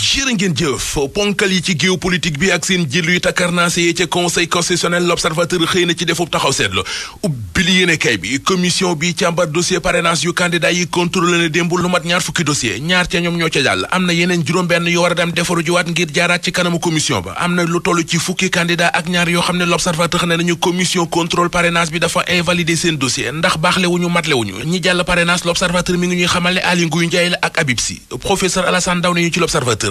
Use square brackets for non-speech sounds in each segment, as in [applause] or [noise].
jërë ngeen jëf ponkal yi ci géopolitique bi ak seen jël yu takkarnaase yi ca conseil constitutionnel l'observateur xëy na ci defub taxaw seetlu ubbil yéene kay bi commission bi càmbar dossier parrainage yu candidat yi contrôlé na démb lu mat ñaar fukki dossier ñaar ca ñoom ñoo ca jàll am na yeneen juróom-benn yu war a dem defaru jiwaat ngir jaaraat ci kanamu commission ba am na lu toll ci fukki candidat ak ñaar yoo xam ne l'observateur ne nañu commission contrôle parrainage bi dafa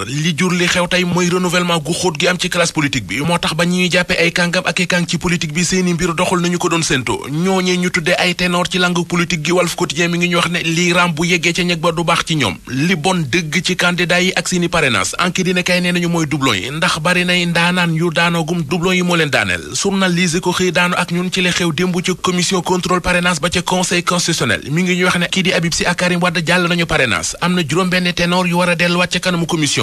l'observateur li jur li xew tey mooy renouvellement gu xóot gi am ci classe politique bi moo tax ba ñuy jàppe ay kàngam ak i kàng ci politique bi seeni mbir doxul nañu ko doon séento ñooñee ñu tuddee ay ténor ci langue politique gi Walf Quotidien mi ngi ñu wax ne lii ram bu yeggee ca ñeg ba du baax ci ñoom li bon dëgg ci candidat yi ak seeni parrainage enquête dina kay nee nañu mooy doublon yi ndax bari nay ndaanaan yu daanoogum doublon yi moo leen daaneel journaliste ko xëy daanu ak ñun ci la xew démb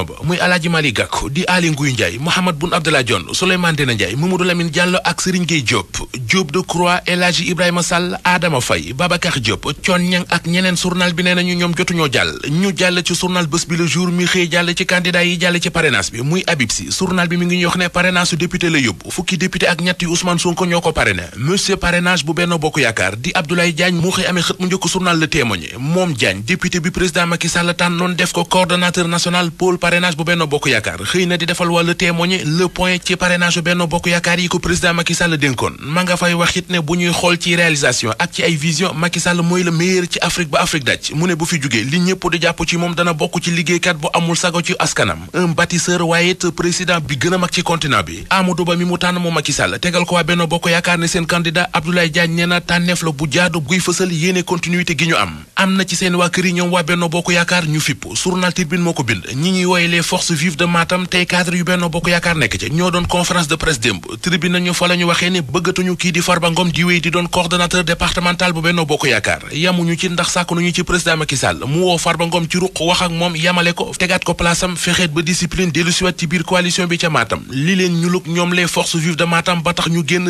ba muy Alaaji Mali Gakou di Aly Ngouille Ndiaye Mouhamed Boun Abdallah Dionne Souleymane Ndéné Ndiaye Mamadou Lamine Diallo ak Serigne Gueye Diop Diop Decroix El Hadji Ibrahima Sall Adama Faye Babacar Diop Thione Niang ak ñeneen journal bi nee nañu ñoom jotuñoo jàll ñu jàll ci journal bés bi le jour mi xëy jàll ci candidat yi jàll ci parrainage bi muy Habib Sy journal bi mi ngi ñuy ne parrainage su député la yóbbu fukki député ak ñett yu Ousmane Sonko ñoo ko parrainé monsieur parrainage bu parrainage bu Benno Bokk Yaakaar xëy na di defal wàllu témoigné le point ci parrainage bu bi gën a mag ci continent gi ñu am am na ci seen waa kër ñoom waa Benno Bokk Yaakaar ñu fipp journal Tribune moo ko bind ñi ñuy wooye tey les de Matam tey cadre yu Benno Bokk Yaakaar nekk ci ñoo doon conférence de presse démb tribune ñu fa la waxee ne bëggatuñu kii di Farba di wéy di doon coordonnateur départemental bu Benno Bokk Yaakaar yamuñu ci ndax sàkk nañu ci président Macky mu woo Farba ci ruq wax ak moom yamale ko tegaat ko place fexeet ba discipline dellu siwaat ci biir coalition bi ca Matam li leen ñu ñoom les forces vives de Matam ba tax ñu génn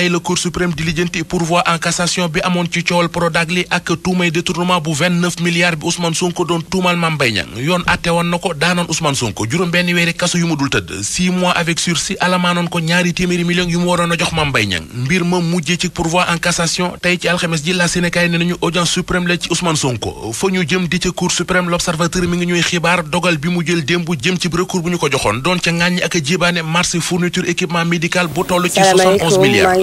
tey la cour suprême di lijjanti pourvoi en cassation bi amoon ci coowal Prodac li ak tuumay détournement bu 29 milliards bi Ousmane Sonko doon tuumal Mame Mbaye Niang yoon atte woon na ko daanoon Ousmane Sonko juróom benn weeri kaso yu mu dul tëdd six mois avec sursis alamaanoon ko ñaari téeméeri millions yu mu waroon a jox Mame Mbaye Niang mbir ma mujjee ci pourvoi en cassation tey ci alxames ji la Sénégal ne nañu audience suprême la ci Ousmane Sonko fa ñu jëm di ca cour mi ngi ñuy xibaar dogal bi mu jël démb jëm ko joxoon doon ca ŋàññi ak jibaane marché fourniture équipement médical bu toll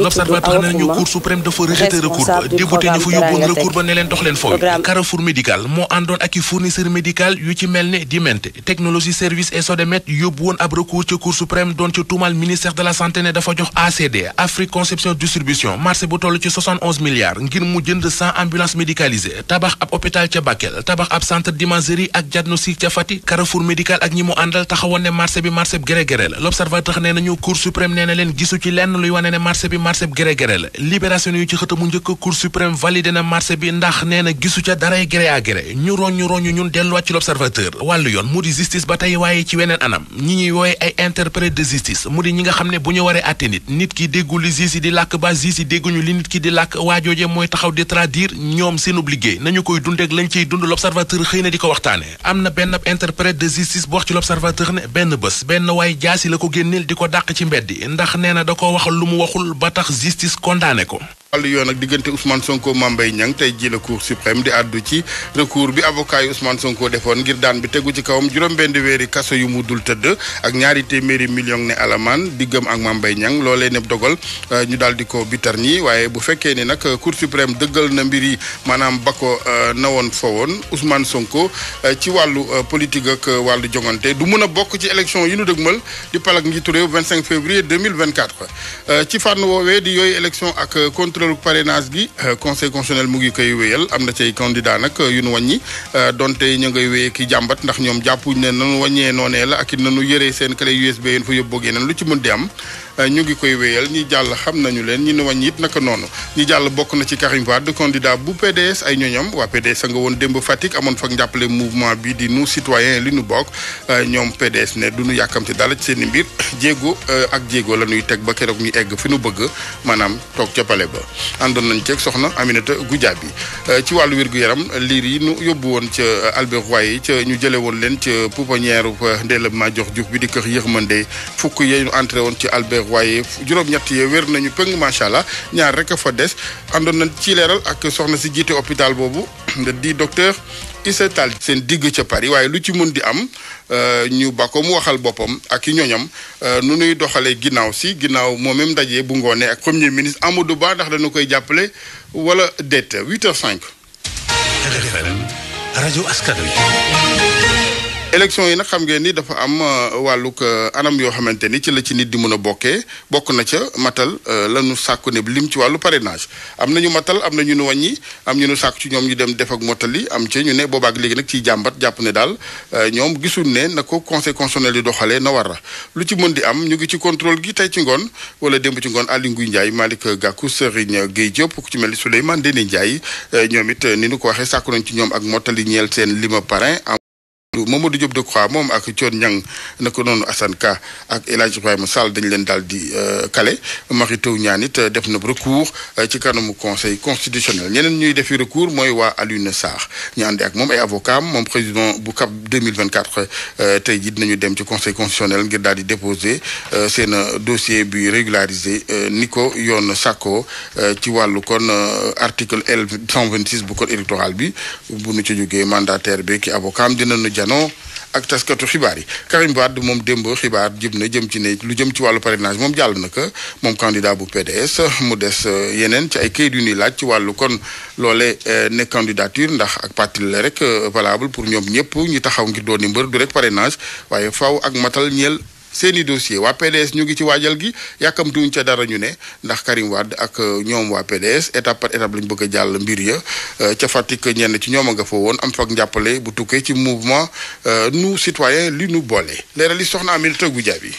l'observateur nee nañu cour suprême dafa rejeté recours ba député ñu fa yóbboon ba ne leen dox leen foofu Carrefour médical moo àndoon ak i fournisseur médical yu ci mel ne Dimente technologie service et Sodemed yóbbu woon ab recours ca cour suprême doon ci tuumal ministère de la santé ne dafa jox ACD Afrique conception distribution marché bu toll ci milliards ngir mu jënd 100 ambulances médicalisées tabax ab hôpital ca Bakel tabax marché gré-gré la libération yu ci xëtamu njëkk cour suprême validé na marché bi ndax nee na gisu ca daray gré à gré ñu roññu roññu ñun delluwaat ci l'observateur wàllu yoon mu di justice ba tey waaye ci weneen anam ñi ñuy wooye ay interprète de justice mu di ñi nga xam ne bu ñu waree àtte nit ki déggu li justice di làkk ba justice dégguñu li nit ki di làkk waajooje mooy taxaw di traduire ñoom seenub liggéey nañu koy dundeek lañ ciy dund l'observateur xëy na di ko waxtaane am na benn interprète de justice bu wax ci l'observateur ne benn bés benn waaye jaasi la ko di ko da ko waxal lu mu tax justice condamné ko wàllu yoon ak diggante Ousmane Sonko Mame Mbaye Niang tey jii la Cour suprême di àddu ci recours bi avocat yi Sonko defoon ngir daan bi tegu ci kawam juróom-benn weeri kaso yu mu dul tëdd ak ñaari téeméeri million ne alamaan diggam ak Mame Mbaye Niang loolee ne dogal euh, ñu daal di ko bitar ñi waaye bu fekkee ni nag Cour suprême dëggal na mbir yi maanaam ba ko euh, na woon fa woon Ousmane Sonko euh, ci wàllu politique ak wàllu jongante du mun a bokk ci élection yi nu dëgmal di palak njiitu réew 25 février 2024 ci fànn woowee di yooyu élection ak loolu parrainage gi euh, conseil constitutionnel mu ngi koy wéyal am na cay candidat nag euh, yu nu wàññi euh, donte ñu ngay wéyee ki jàmbat ndax ñoom jàppuñ ne nanu wàññee noonee la ak it nanu yëre seen clé USB yéen fa yóbboogee nan lu ci mën di am Euh, ñu ngi koy wéyal ñi jàll xam nañu leen ñi ne wàññi it naka noonu ñi jàll bokk na ci Karim Wade candidat bu PDS ay ñoñom waa PDS a nga woon démb Fatick amoon fa njàppale mouvement bi di nous citoyens li ñu bokk euh, ñoom PDS ne du ñu yàkkamte dara ci seen i mbir [coughs] jéego euh, ak jéego la ñuy teg ba keroog ñu egg fi nu bëgg maanaam toog ca pale ba àndoon nañ ceeg soxna Aminata Goudiaby ci wàllu wér-gu-yaram liir yi nu yóbbu woon ca Albert Royer ca ñu jële woon leen ca pouponnière Ndella Madior Diouf bi di kër yërmande fukk yee ñu entré woon ci Albert waaye juróom-ñett yee wér nañu pëng macha allah ñaar rek a fa des àndoon nañ ci leeral ak soxna si jiite hôpital boobu [coughs] di docteur Issa Tall seen digg ca Paris waaye lu ci mën di am euh, ñu ba ko mu waxal boppam ak i ñoñam euh, nu nuy doxalee ginnaaw si ginnaaw moom même ndaje bu ngoonee ak premier ministre Amadou Ba ndax dañu koy jàppale wala déet 8h05. wi élection yi nag xam ngeen ni dafa am euh, wàllug euh, anam yoo xamante ni ci la ci nit di mën a bokkee bokk na ca matal euh, la ñu sàkku ne lim ci wàllu parrainage am na ñu matal am na ñu nu wàññi am ñu nu sàkku ci ñoom ñu dem def ak mottali am ca ñu ne boobaak léegi nag ciy jàmbat jàpp ne daal ñoom gisuñ ne na ko conseil constitutionnel di doxalee na war a lu ci mën di am ñu ngi ci contrôle gi tey ci ngoon wala démb ci ngoon Aly Ngouille Ndiaye Malick Gakou Serigne Gueye Diop ku ci mel ni Souleymane Ndéné Ndiaye ñoom it ni ñu ko waxee sàkku nañ ci ñoom ak mottali ñeel seen lima parrain Abdou Mamadou Diop Decroix moom ak Thion Niang na ko noonu Assane Ka ak El Hadj Ibrahima Sall dañ leen daal di kale euh, Mary Teuw Niane it euh, def na recours euh, ci kanamu conseil constitutionnel ñeneen ñuy defi recours mooy waa Alioune Sarr ñu ànd ak moom ay avocat moom président bu CAP 2024 tey jii dinañu dem ci conseil constitutionnel ngir daal di déposer seen dossier bi régularisé ni ko yoon sàkkoo ci wàllu kon article L 126 bu code électoral bi bu nu ci jógee mandataire bi ki askanoo ak taskatu xibaar yi Karim Wade moom démb xibaar jib na jëm ci ne lu jëm ci wàllu parrainage moom jàll na ko moom candidat bu PDS mu des euh, yeneen ci ay kayit yu ñuy laaj ci wàllu kon loole euh, ne candidature ndax ak parti la rek euh, valable pour ñoom ñëpp ñu taxaw ngir doon ni mbër du rek parrainage waaye faaw ak matal ñeel seeni dossier waa PDS ñu ngi ci waajal gi yàkkamtuwuñ ca dara ñu ne ndax Karim Wade ak euh, ñoom waa PDS étape par étape lañ bëgg a jàll mbir ya euh, ca Fatick ñenn ci ñoom a nga fa woon am fag njàppale bu tukkee ci mouvement euh, nu citoyens li nu boole leeral li soxna Aminata Goudiaby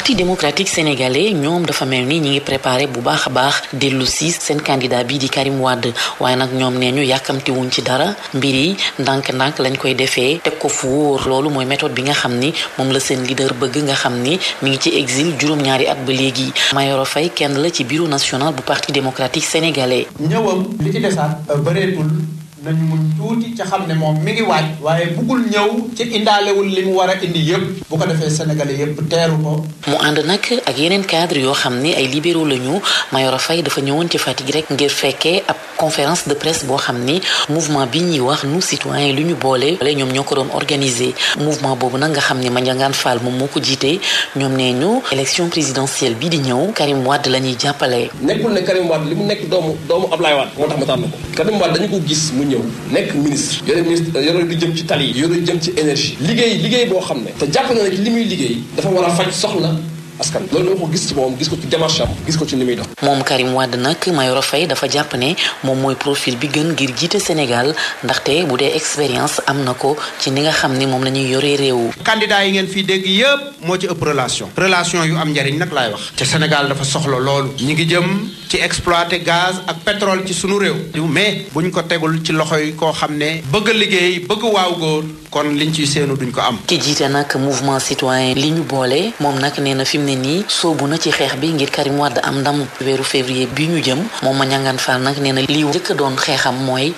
parti démocratique sénégalais ñoom dafa mel ni ñi ngi préparé bu baax a baax dellu si seen candidat bii di Karim Wade waaye nag ñoom neenu ñu wuñ ci dara mbir yi ndànk-ndànk lañ koy defee teg ko fu wóor loolu mooy méthode bi nga xam ni moom la seen leader bëgg nga xam ni mi ngi ci exil juróom-ñaari at ba léegi a Faye kenn la ci bureau national bu parti démocratique sénégalais. ñëwam li ci desaat euh, bëreetul. nañu mu tuuti ca xam ne moom mi ngi waaj waaye buggul ñëw ci indaalewul li mu war a indi yëpp bu ko defee sénégalais yëpp teeru ko mu ànd nag ak yeneen cadre yoo xam ni ay libéraux la ñu Mayoro fay dafa ñëwoon ci Fatick rek ngir fekkee ab conférence de presse boo xam ni mouvement bi ñuy wax nous citoyens lu ñu boole wala ñoom ñoo ko doon organiser mouvement boobu nag nga xam ne Mandiangane Fall moom moo ko jiitee ñoom nee ñu élection présidentielle bi di ñëw Karim Wade la ñuy jàppale nekkul ne Karim Wade ñëw nekk ministre yore ministre euh, yore lu jëm ci tali yi yore lu jëm ci énergie liggéey liggéey boo xam ne te jàpp na ne li muy liggéey dafa war a faj soxla askan loolu dama ko gis ci moom gis ko ci démarche am gis ko ci ni muy dox. moom Karim Wade nag Mayoro Faye dafa jàpp ne moom mooy profil bi gën ngir jiite Sénégal ndaxte bu dee expérience am na ko ci ni nga xam ni moom la ñuy yoree réew. candidat yi ngeen fii dégg yëpp moo ci ëpp relation. relation yu am njariñ nag laay wax. te Sénégal dafa soxla loolu. ñi ngi jëm ci exploiter gaz ak pétrole ci sunu réew. mais buñ ko tegul ci loxo yi koo xam ne. bëgg liggéey bëgg waaw kon liñ ciy seenu duñ ko am. ki jiite nag mouvement citoyen li ñu boole moom nag nee na fi mu ne nii soobu na ci xeex bi ngir Karim Wade am ndam weeru février bi ñu jëm moom ma ñangaan faal nag nee na li njëkk doon xeexam mooy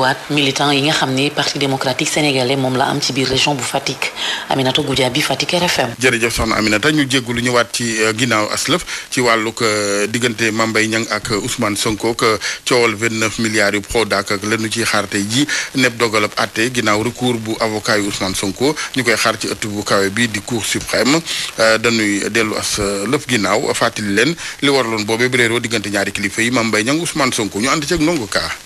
waat militant yi nga xam ni parti démocratique sénégalais moom la am ci biir région bu Fatick Aminata Goudia bi Fatick RFM. jërëjëf soxna Aminata ñu jégalu ñëwaat ci euh, ginnaaw aslëf ci wàllug euh, diggante Mame Mbaye Niang ak euh, Ousmane Sonko ak coowal 29 milliards yu Prodac ak lanu ciy xaar tey ji nepp dogalab àtte ginnaaw recours bu avocat avocat yu Ousmane Sonko ñu koy xaar ci ëtt bu kawe bi di cour suprême euh, dañuy dellu as euh, lépp ginnaaw fàttali leen li waraloon boobee bi réeroo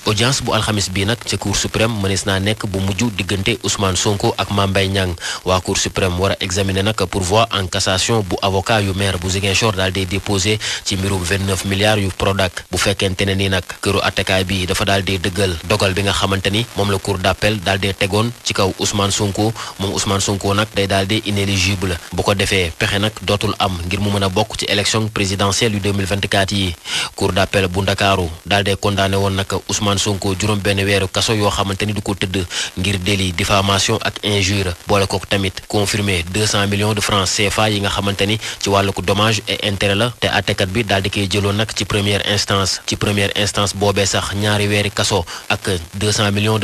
audience bu alxamis bi nag ca cour suprême mënees naa nekk bu mujj diggante Ousmane Sonko ak Mame Mbaye waa cour suprême war a examiner nag pourvoi en bu avocat yu maire bu Ziguinchor daal di déposé ci mbirum 29 milliards yu Prodac bu fekkente ne ni nag këru attekaay bi dafa daal di dëggal dogal bi nga xamante moom la cour d'appel daal di tegoon ci kaw Ousmane. Ousmane Sonko moom Ousmane Sonko nag day daal di inéligible bu ko defee pexe nag dootul am ngir mu mën a bokk ci élection présidentielle yu 2024 yi cour d'appel bu Ndakaaru daal di condamné woon nag juróom benn weeru kaso yoo xamante ni du ko tëdd ngir délit diffamation ak injure boole kook tamit confirmé 200 millions de francs CFA yi nga xamante ni ci wàllu ko dommage et la te àttekat bi daal di koy jëloon nag ci première instance ci première instance boobee sax ñaari weeri kaso ak 200 millions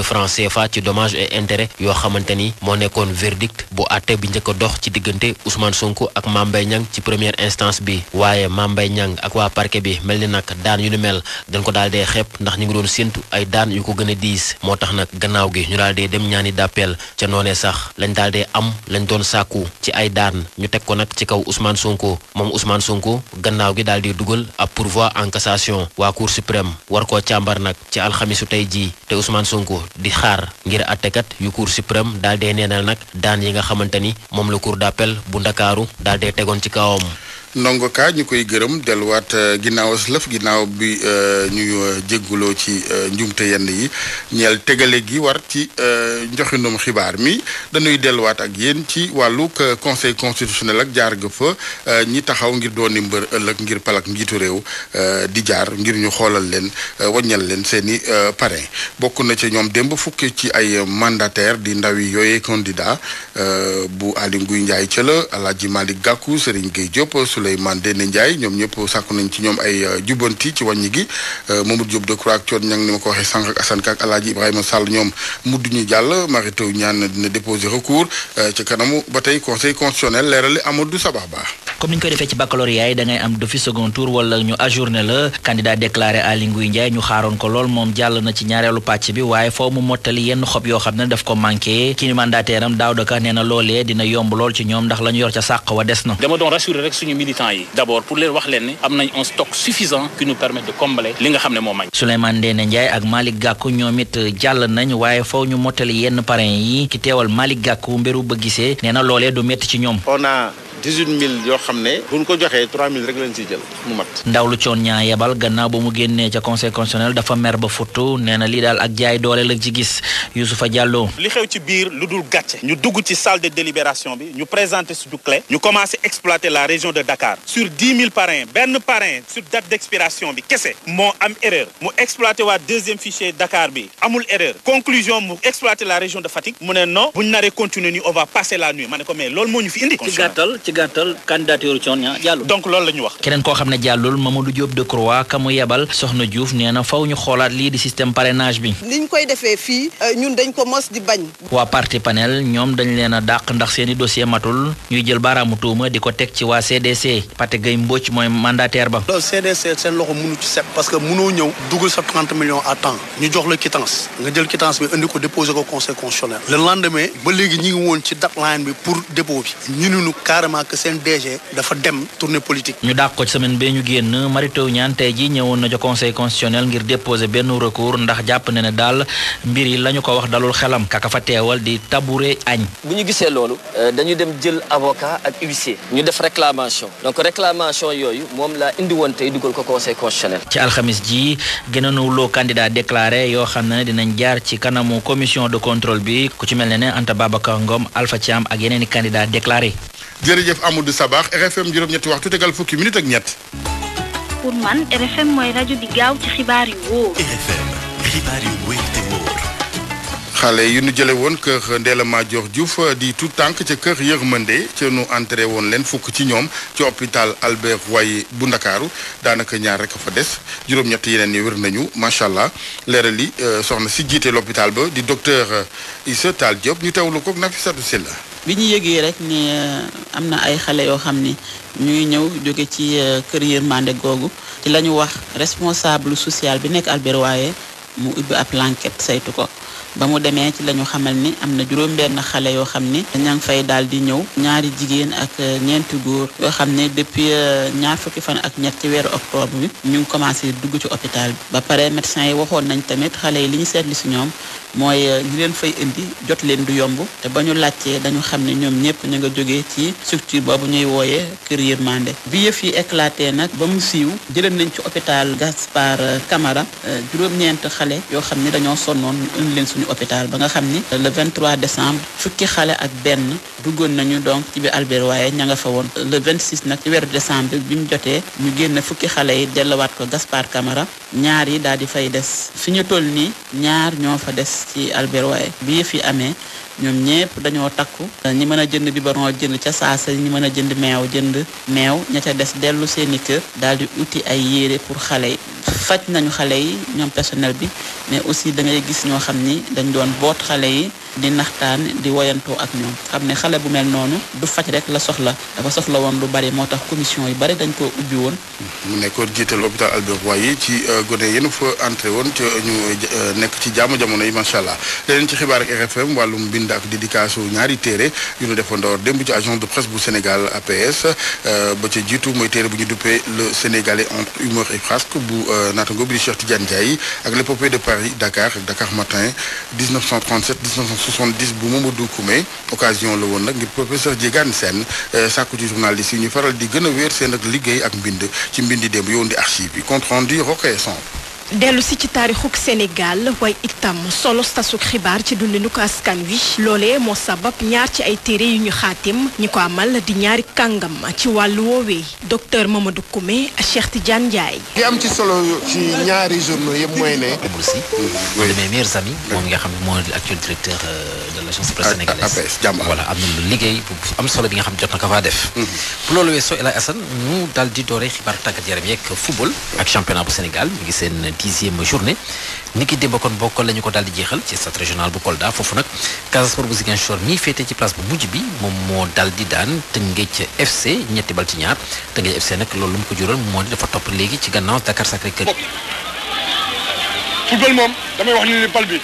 xamante ni moo nekkoon verdict bu àtte bi njëkk a dox ci diggante Ousmane Sonko ak Mame Mbaye Niang ci première instance bi waaye Mame Mbaye Niang ak waa parquet bi mel ni nag daan yu ni mel dañ ko daal dee xeeb ndax ñu ngi doon séntu ay daan yu ko gën a diis moo tax nag gannaaw gi ñu daal dee dem ñaani d'appel ca noonee sax lañ daal dee am lañ doon sàkku ci ay daan ñu teg ko nag ci kaw Ousmane Sonko moom Ousmane Sonko gannaaw gi daal di dugal ab pourvoi en cassation waa Cour suprême war koo càmbar nag ci alxamisu tey jii te Ousmane Sonko di xaar ngir àttekat yu Cour suprême daal dee neenal nag daan yi nga xamante ni moom la cour d'appel bu ndakaaru daal tegoon ci kawam. ndongo kaa ñu koy gërëm delluwaat euh, ginnaaw lëf ginnaaw bi euh, ñu euh, jégguloo ci njumte yenn yi ñeel tegale gi war ci njoxinum xibaar mi dañuy delluwaat ak yéen ci wàllu conseil constitutionnel ak jaar ga fa ñi taxaw ngir dooni mbër ëllëg ngir palak njiitu réew di jaar ngir ñu xoolal leen waññal leen seeni parrain bokk na ci ñoom démb fukki ci ay mandataire di ndawi yooyee candidat euh, bu Aly Ngouille Ndiaye ca la Alaaji Malick Gakou Serigne Gueye Diop Souleymane Ndéné Ndiaye ñoom ñëpp sàkku nañ ci ñoom ay euh, jubbanti ci wàññi gi euh, Mamadou Diop Decroix ma ko waxee sànq ak Assane Ka ak Alaaji Ibrahima Sall ñoom mudd ñu jàll Mary Teuw Niane dina ba tey conseil constitutionnel leerali Amadou Sababa comme ni ñu koy defee ci baccalauréat yi da am d'office second tour wala ñu ajourné la candidat déclaré Aly Ngouille Ndiaye ñu xaaroon ko lool moom jàll na ci ñaareelu pàcc bi waaye foo mu mottali yenn xob yoo xam ne daf ko manqué kii mandataire am Daouda Ka nee na loolee dina yomb lool ci ñoom ndax la ñu yor ca sàq wa des na dama doon rassurer rek suñu militants yi d'abord pour leen wax leen am nañ un stock suffisant qui nous permet de combler li nga xam ne moo mañ Souleymane Ndéné Ndiaye ak Malick Gakou ñoom jàll nañ waaye faw ñu mottali yenn parrain yi ki teewal Malick Gakou mbiru ba gisee nee na loolee du métti ci ñoom dix-huit yoo xam ne buñ ko joxee trois mille rek lañ siy jël mu mat ndaw lu coon ñaa yebal gannaaw ba mu génnee ca conseil constitutionnel dafa mer ba futtu nee na daal ak jaay doole la ci gis Youssoufa Diallo li xew ci biir lu dul gàcce ñu dugg ci salle de délibération bi ñu présenter suñu clé ñu commencé exploite la région de Dakar sur dix mille parrain benn parrain sur date d'expiration bi kese moo am erreur mu exploiter waa deuxième fichier Dakar bi amul erreur ci gàttal candidature Thione jàllul donc loolu la ñu wax. keneen koo xam ne jàllul Mamadou Diop Decroix ka mu yebal soxna Diouf nee faw ñu xoolaat lii di système parrainage bi. liñ koy defee fii euh, ñun dañ ko mos di bañ. waa parti panel ñoom dañ leen a dàq ndax seen i matul ñuy jël baaraamu tuuma di ko teg ci waa CDC Pathé Gueye Mbodj mooy mandataire ba. ñu jox la quittance nga jël quittance bi indi ko déposé ko conseil constitutionnel le lendemain actuellement seen DG dafa dem tournée politique. ñu dàq ko ci semaine bee ñu génn Mary Teuw Niane tey jii ñëwoon na ca conseil constitutionnel ngir déposé benn recours ndax jàpp na ne daal mbir yi la ñu ko wax dalul xelam kaka fa teewal di tabouré añ. bu ñu gisee loolu euh, dañu dem jël avocat ak huissier ñu def réclamation donc réclamation yooyu moom laa indi woon tey dugal ko conseil constitutionnel. ci alxamis ji gën a nuwuloo candidat déclaré yoo xam ne dinañ jaar ci kanamu commission de contrôle bi ku ci mel ne Anta Babacar Ngom Alpha Thiam ak yeneen i candidat déclaré jërëjëf Amadou Sabax RFM juróom-ñetti waxtu tegal fukki minute ak ñett. pour man RFM mooy rajo di gaaw ci xibaar yu wóor. xale yu nu jële woon kër Ndella Madior Diouf di tout tànk ca kër Yërmande ca nu entré woon leen fukk ci ñoom ci hôpital Albert Royer bu Ndakaaru daanaka ñaar rek fa des juróom-ñett yeneen yi wér nañu macha allah leeral yi euh, soxna si jiite lopitaal ba di docteur Issa Tall Diop ñu teewlu ko Nafisatou Sylla bi ñu yëgee rek ni euh, am na ay xale yoo xam ni ñuy ñëw jóge ci euh, kër yërmande googu ci la ñu wax responsable sociale bi nekk Albert waaye mu ubbi ab l'enquête saytu ko ba mu demee ci la ñu xamal ni am na juróom-benn xale yoo xam ni ña ngi fay daal di ñëw ñaari jigéen ak euh, ñeenti góor yoo xam ne depuis euh, ñaar fukki fan ak ñett ci weeru bi ñu ngi commencé dugg ci hôpital bi ba pare médecins yi waxoon nañ tamit xale yi li ñu seetli si ñoom mooy ñi euh, leen fay indi jot leen du yomb te ba ñu laajtee dañu xam ne ñoom ñëpp ñu nga jógee ci structure boobu ñuy wooyee Kër Yërmande bi yëf yi éclaté nag ba mu siiw jëleen nañ ci hôpital Gaspard Camara juróom-ñeent xale yoo xam ne dañoo sonnoon ñu indi leen suñu hôpital ba nga xam ni le 23 décembre fukki xale ak benn duggoon nañu donc ci biir Albert waaye ña nga fa woon vingt 26 nag ci weeru décembre bi mu jotee ñu génn fukki xale yi delluwaat ko Gaspard Camara ñaar yi daal di fay des fi ñu toll nii ñaar ñoo fa des ci Albert waaye bi yëf yi amee ñoom ñëpp dañoo takku ñi mën a jënd biberon jënd ca saa ñi mën a jënd meew jënd meew ña ca des dellu seeni kër daal di uti ay yére pour xale yi faj nañu xale yi ñoom personnel bi mais aussi da ngay gis ñoo xam ni dañ doon boot xale yi di naxtaan di woyantoo ak ñoom xam ne xale bu mel noonu du faj rek la soxla dafa soxla woon lu bari moo tax commission yu bari dañ ko ubbi woon. mu nekkoon jiital hôpital Albert Royer ci euh, gone yéen fa entré woon ci ñu euh, euh, nekk ci jaamu jamono yi macha allah leneen ci xibaar ak RFM wàllum bind ak dédicace ñaari téere yu ñu defandoor démb ci agence de presse bu Sénégal APS ba ca jiitu mooy téere bu ñu duppee le Sénégalais entre humour et frasque bu naatango bi di Cheikh Tidiane Ndiaye ak l'épopée de Paris Dakar Dakar Matin 70 bu Mamadou Koumé occasion la woon nag ngir professeur Diegane Sène euh, sàkku ci journaliste yi ñu faral di gën wéer seen ak liggéey ak mbind ci mbindi démb yoon di archive bi compte rendu roqee sombre dellu si ci taarixuk Sénégal waaye itam solo tasuk xibaar ci dundinu ko askan wi loolee moo sabab ñaar ci ay téere yu ñu xaatim ñi ko amal di ñaari kàngam ci wàll wàllu woowee docteur Mamadou Koumé Cheikh Tidiane Ndiaye. li am ci solo ci ñaari journaux yëpp mooy ne. Boursi mooy euh, mes meilleurs amis moom nga xam ne moo di actuel directeur euh, de l' agence presse sénégalaise voilà am na lu liggéey bu am solo bi nga xam jot na ko faa def. Mhm. bu loolu weesoo El Hadj Assane ñu di doore xibaar tàggat yaram yeeg football ak championnat Sénégal mi ngi seen. soixante-dixième journée ni ki a kon bokkal la ñu ko daal jeexal ci stade régional bu Kolda foofu nag Casa Sport bu Ziguinchor mii féete ci place bu mujj bi moom moo daal daan Tëngéej ci FC nag loolu lu mu moom damay wax ni bal bi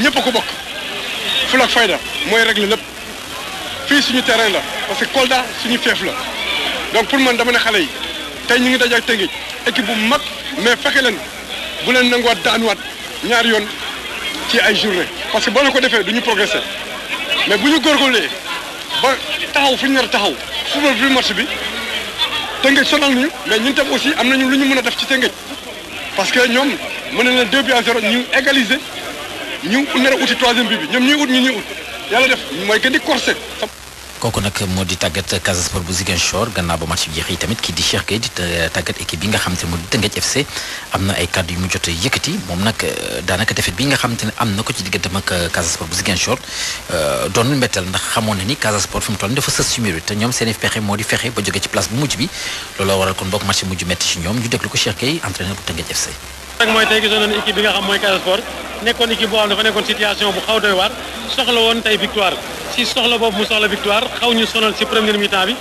ñëpp a ko bokk fula ak fayda mooy régler lépp fii suñu terrain la parce que Kolda suñu feef la donc pour man dama ne xale yi tey ñu ngi daje ak Tëngéej bu mag mais fexe leen. bu leen nanguwaat daanuwaat ñaar yoon ci ay journée parce que boo leen ko defee du ñu progressé mais bu ñu góorgóorlee ba taxaw fu ñu nar a taxaw football bi match bi Tëngéej sonal nañu mais ñun tam aussi am nañu lu ñu mën a def ci Tëngéej parce que ñoom mën na leen 2 bi à 0 ñu égaliser ñu nar a uti troisième bi bi ñoom ñuy ut ñu ñu ut yàlla def mooy gën di corser kooku nag moo di tàggat Casa Sport bu Ziguinchor gannaaw ba match bi jeexee tamit kii di Cheikh Gueye di tàggat équipe bi nga xam te ne di Teungueth FC am na ay kàddu yu mu jot a yëkkati moom nag euh, daanaka defet bi nga xam te ne am na ko ci digganteem ak euh, Casa Sport bu Ziguinchor euh, doon mbetteel ndax xamoon na ni Casa Sport fi mu toll nii dafa sës si mur te ñoom seen i pexe moo di fexe ba jóge ci place bu mujj bi looloo waral kon bokk match mujj metti ci ñoom ñu déglu ko Cheikh Gueye entraîneur rek mooy tey gisoon nañu équipe bi nga xam mooy Casa Sport nekkoon équipe boo xam dafa nekkoon situation bu xaw doy victoire soxla boobu mu soxla victoire xaw ñu sonal si première mi bi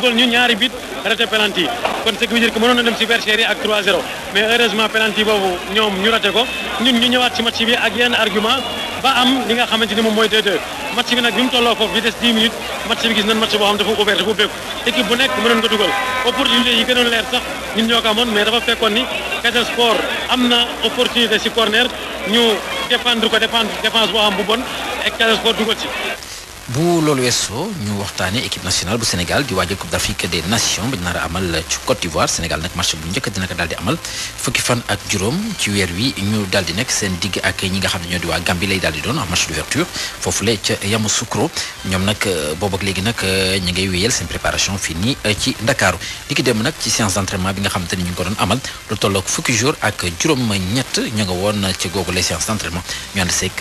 ba ñu ñaari bit raté penalty kon ce qui veut dem si verseer ak 3-0 mais heureusement penalty boobu ñoom ñu raté ko ñun ñu ñëwaat si match bi ak yenn argument ba am li nga xamante ni moom mooy deux-deux match bi nag bi mu tolloo foofu bi des 10 minutes match bi gis nañ match boo xam dafa ouvert dafa bépp équipe bu nekk mënoon nga dugal opportunité yi gënoon leer sax ñun ñoo ko amoon mais dafa fekkoon ni Casa Sport am na opportunité si corner ñu dépendre ko défense défense boo xam bu bon ak Casa Sport dugal ci bu loolu weesoo ñu waxtaanee équipe nationale bu Sénégal di waajal Coupe d'Afrique des Nations bi nar a amal ci Côte d'Ivoire Sénégal nag match bu njëkk dina ko daal amal fukki fan ak juróom ci weer wi ñu daal di nekk seen digg ak ñi nga xam ne ñoo di waa Gambie lay daal di doon match d'ouverture foofule ca Yamoussoukro ñoom nag euh, boobu ak léegi nag euh, ñu ngay wéyal seen préparation fii nii euh, ci Ndakaaru li ki dem nag ci séance d'entraînement bi nga xamante ni ñu ngi doon amal lu fukki jour ak juróom ñett ñu nga woon ci googu les séances d'entraînement ñu ànd seeg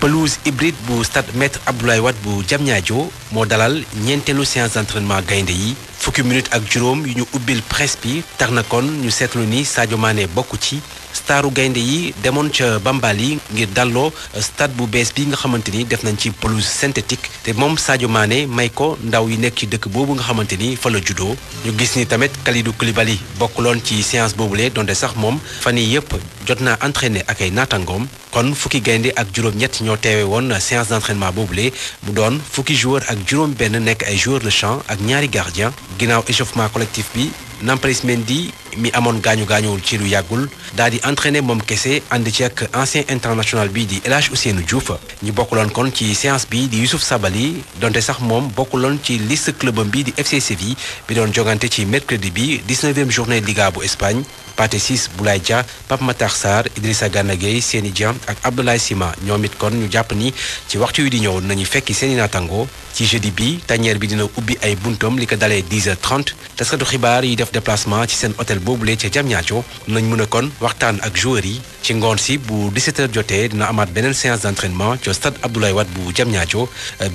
pelouse hybride bu stade maître Abdoulaye Wade bu Diamniadio moo dalal ñeenteelu séance d'entraînement gaynde yi fukki minutes ak juróom yu ñu ubbil presse bi tax na kon ñu seetlu ni Sadio maane bokk ci staru gaynde yi demoon ca Bambali ngir dalloo stade bu bees bi nga xamante ni def nañ ci pelouse synthétique te moom Sadio Mané may ko ndaw yi nekk ci dëkk boobu nga xamante ni fa la juddoo ñu gis ni tamit Kalidou kulibali bokkuloon ci séance boobule donte sax moom fan yii yëpp jot naa entraîné ak ay naatangoom kon fukki gaynde ak juróom-ñett ñoo teewe woon na séance d'entraînement lee mu doon fukki joueur ak juróom-benn nekk ay joueur le champ ak ñaari gardien ginnaaw échauffement collectif bi Nampalys Mendy mi amoon gaañu gaañuwul ci lu yàggul dal di entraîné moom kese ànd ci ak ancien international bi di El Hadj Ousseynou Diouf bokk loon kon ci séance bi di Youssouf Sabali donte sax moom bokkuloon ci liste clubam bi di FC Séville bi doon jogante ci mercredi bi 19e journée Liga bu Espagne Pathé Ciss Boulaye Dia Pape Matar Sarr Idrissa Gana Gueye Seny Dieng ak Abdoulaye Sima ñoom it kon ñu jàpp ni ci waxtu yu di ñëw nañu fekki seeni natango ci jeudi bi tanière bi dina ubbi ay buntam li ko dalee 10h30 taskatu xibaar yi def déplacement ci seen hôtel boobu boobule ca jam ñaaco nañ mën a kon waxtaan ak joueurs yi ci ngoon si bu 17 jotee dina amaat beneen séance d'entraînement ca stade Abdoulaye Wade bu jam ñaaco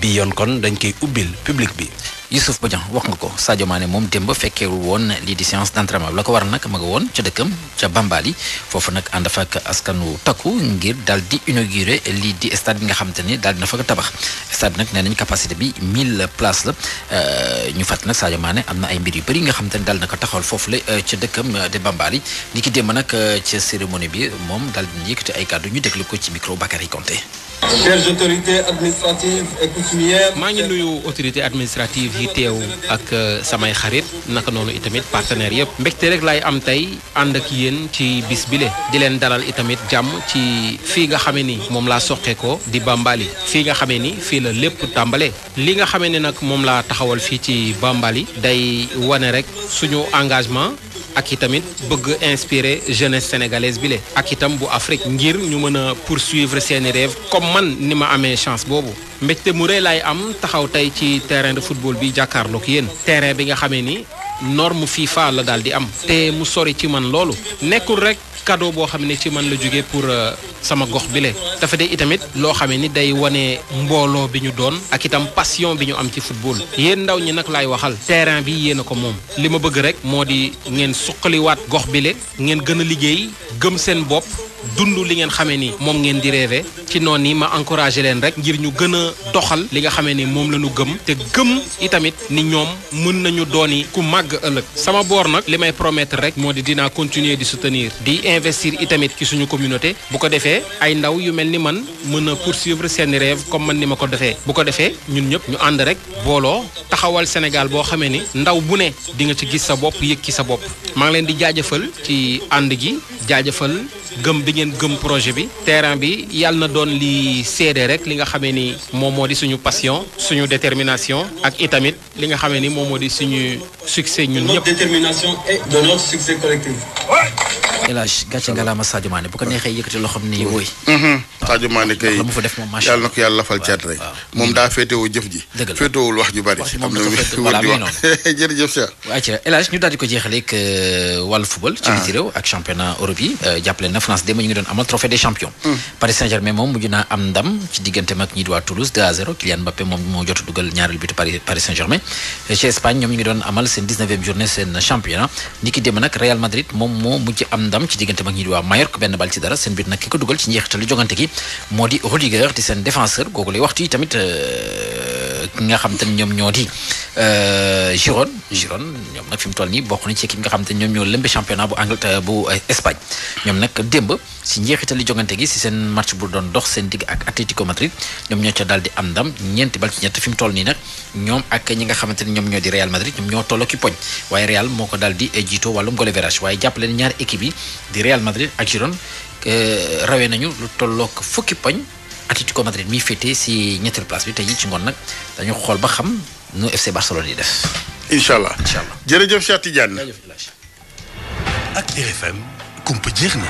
bi yoon kon dañ koy ubbil public bi Youssouf Badiane wax nga ko Sadio Mané moom démb fekkee woon lii di séance d'entraînement la ko war nag ma nga woon ca dëkkam ca Bambali foofu nag ànd fa ak askanu takku ngir daal di inauguré lii di stade bi nga xamante ni daal dina fa tabax stade bi nag nee nañ bi 1000 places la euh, ñu fàtt nag Sadio Mané am na ay mbir yu bëri nga xamante ni daal na ko taxawal foofu la euh, ca dëkkam euh, de Bambali ni ki démb nag ca cérémonie bi moom daal dina yëkkati ay kàddu ñu déglu ko ci micro Bakary maa ngi nuyu autorité administrative yi teew ak euh, samay xarit naka noonu itamit partenaires yëpp mbégte rek laay am tey ànd ak yéen ci bis bile di leen dalal itamit jàmm ci fii nga xamee ni moom laa soqee ko di Bambali fii nga xamee ni fii la lépp tàmbale li nga xamee ni nag moom laa taxawal fii ci Bambali day wane rek suñu engagement ak itamit bëgg inspirer jeunesse sénégalaise bi ak itam bu Afrique ngir ñu mën a poursuivre seeni rêve comme man ni ma amee chance boobu mbégte mu rëy laay am taxaw tey ci terrain de football bi jàkkaarloog yéen terrain bi nga xamee ni norme FIFA la daal di am te mu sori ci man loolu nekkul rek cadeau boo xam ne ci man la jógee pour euh, sama gox bi le dafa dee itamit loo xam ni day wane mbooloo bi ñu doon ak itam passion bi ñu am ci football yéen ndaw ñi nag laay waxal terrain bi yéen a ko moom li ma bëgg rek moo di ngeen suqaliwaat gox bi le ngeen gën a liggéey gëm seen bopp dund li ngeen xamee ni moom ngeen di rêvé ci noonu ni ma encouragé leen rek ngir ñu gën a doxal li nga xamee ni moom la ñu gëm te gëm itamit ni ñoom mën nañu dooni ku màgg ëllëg sama boor nag li may promettre rek moo di dinaa continuer di soutenir di investir itamit ci suñu communauté bu ko defee ay ndaw yu mel ni man mën a poursuivre seen rêve comme man ni ma ko defee bu ko defee ñun ñëpp ñu ànd rek booloo taxawal Sénégal boo xamee ni ndaw bu ne di nga ci gis sa bopp yëg ci sa bopp maa ngi leen di jaajëfal ci ànd gi jaajëfal gëm bi ngeen gëm projet bi terrain bi yàlla na doon li seede rek li nga xamee ni moom moo di suñu passion suñu détermination ak itamit li nga xamee ni moom moo di suñu succès ñun ñëpp. détermination de notre succès collectif. El Hadj gàcce ngalaama Sadio Mané bu ko neexee yëkkati loxoom nii wóoy. Mhm. Sadio Mané kay la mu fa def moom macha allah yàlla na ko yàlla lafal football. ci ah. biti ak championnat Europe yi. Euh, na France démb ñu ngi doon amal trophée des champions. Mm. Paris Saint-Germain moom mujj am ndam ci diggante mag ñi di waa Toulouse 2 à 0 Kylian Mbappé moom moo jot a dugal ñaareelu bitu Paris Paris Saint-Germain euh, ci Espagne ñoom ñu ngi doon amal seen 19e journée seen championnat ni ki démb nag Real Madrid moom moo mujj am ndam itam ci diggante mag ñi waa Mallorca benn bal ci dara seen biir nag ki ko dugal ci njeexitalu jogante gi moo di Rudiger di seen défenseur googu lay waxtu yi tamit euh, nga xam te ne ñoom ñoo di Giron euh, Giron ñoom nag fi mu toll nii bokk na ci ki nga xam ne ñoom ñoo lëmbe championnat bu Angleterre euh, bu Espagne ñoom nag démb si njeexitali jogante gi si seen match bu doon dox seen digg ak Atlético Madrid ñoom ñoo ca daal di am ndam ñeenti bal ci ñett fi mu toll nii nag ñoom ak ñi nga xamante ne ñoom ñoo di Real Madrid ñoom ñoo tolloo ki poñ waaye Real moo ko daal di jiitoo wàllum goal average waaye jàppale ñaari di Real Madrid ak euh, rawee nañu lu tollook fukki poñ Atlético Madrid mi féete si ñetteel place bi tey ci ngoon nag dañu xool ba xam nu FC Barcelone yi def. incha allah incha allah jërëjëf Cheikh Tidiane. ak RFM kumpa jeex na.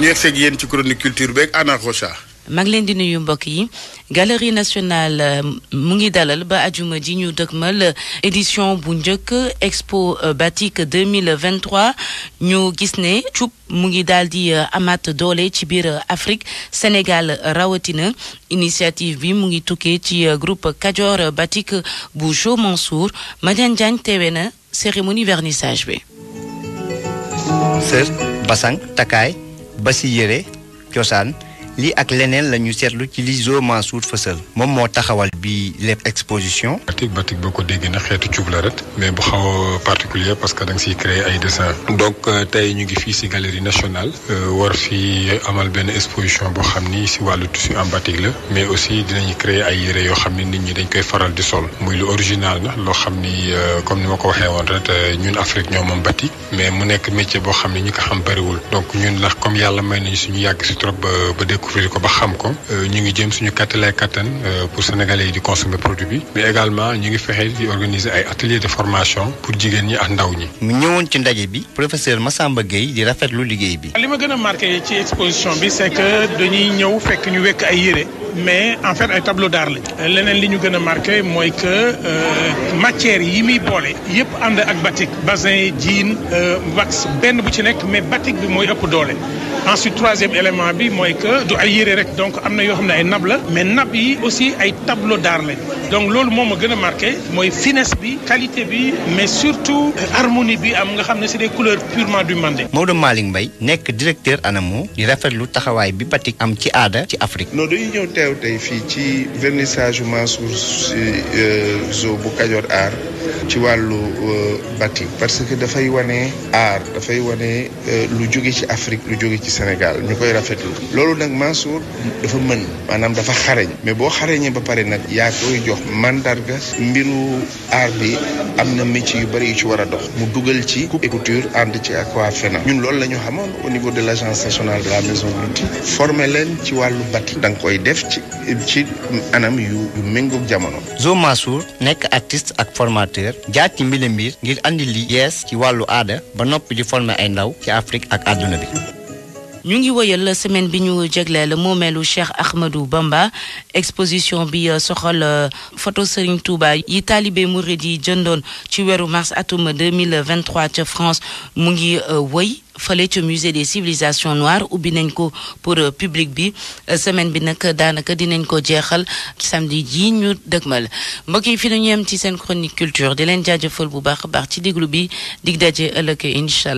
ñu yegg seeg yéen ci chronique culture beeg Anna Rocha. maa leen di nuyu mbokk yi galerie nationale euh, mu ngi dalal ba ajuma ji ñu dëgmal euh, édition bu njëkk expo euh, batik 2023 ñu gis ne cuub mu ngi daal di amaat doole ci biir Afrique Sénégal rawatina initiative bi mu ngi tukkee ci groupe Kajoor Batik bu Jo Mansour Madiane Diagne teewe na cérémonie vernissage bi. sër cosaan. lii ak leneen la ñu seetlu ci li Zo Mansour fësal moom moo taxawal bi lépp exposition. batik batik boo ko déggee na xeetu cuub la rek mais bu xaw a particulier parce que da si siy créer ay dessin donc euh, tey ñu ngi fii si galerie national euh, war fi amal benn exposition boo xam ni si wàllu tissu am batik la mais aussi dinañu créer ay yëre yoo xam ni nit ñi dañ koy faral di sol muy lu original na loo xam ni euh, comme ni ma ko waxee woon rek ñun Afrique ñoo moom batik mais mu nekk métier boo xam ni ñi ko xam bëriwul donc ñun la comme yàlla may nañu suñu yàgg si trop découvrir ko ba xam ko euh, ñu ngi jëm suñu kattalay kattan euh, pour sénégalais yi di consommer produit bi mais également ñu ngi fexe di organiser ay atelier de formation pour jigéen ñi ak ndaw ñi. mu ñëwoon ci ndaje bi professeur Massamba Gueye di rafetlu liggéey bi. li ma gën a ci exposition bi c'est que dañuy ñëw fekk ñu wekk ay yére mais en fait ay tableau d'art la leneen li ñu gën a marqué mooy que euh, matière yi muy boole yëpp ànd ak batik basin jean wax benn bu ci nekk mais batik bi mooy ëpp ay yére rek donc am na yoo xam ne ay nab la mais nab yi aussi ay tableau d'art lañ donc loolu moom ma gën a marqué mooy finesse bi qualité bi mais surtout euh, harmonie bi am nga xam ne c'est purement du Mandé. Maodo Malick mbay nekk directeur ANAMO di lu taxawaay bi Batik am ci aada ci Afrique. non dañuy ñëw teew tey fii ci vernissage Mansour euh, Zo bu Kajoor Art ci wàllu Batik euh, parce que dafay wane art dafay wane lu jóge ci Afrique lu jóge ci Sénégal ñu koy rafetlu loolu nag Mansour dafa mën maanaam dafa xarañ mais boo xarañee ba pare nag yaa jox mandarga mbiru aar bi am na métier yu bëri yu ci war a dox mu dugal ci coupe et couture ci ak waa FENA ñun loolu la ñu xamoon au niveau de l' agence nationale de la maison d'outil formé leen ci wàllu bati da nga koy def ci ci anam yu yu méngoog jamono. Zo Massour nekk artiste ak formateur jaar ci mbile mbir ngir andi li yees ci wàllu aada ba noppi di former ay ndaw ci Afrique ak àdduna bi. ñu ngi woyal semaine bi ñu jagleel moomeelu Cheikh Ahmadou Bamba exposition bi euh, soxal euh, photo Serigne Touba yi talibe murid yi jëndoon ci weeru mars atum 2023 ca France mu ngi euh, woy fale ca musée des civilisations noires ubbi nañ ko pour public bi semaine bi nag daanaka dinañ ko jeexal samedi ji ñu dëgmal mbokk yi fi ñu yem ci seen chronique culture di leen jaajëfal bu baax a baax ci déglu bi dig daje ëllëg incha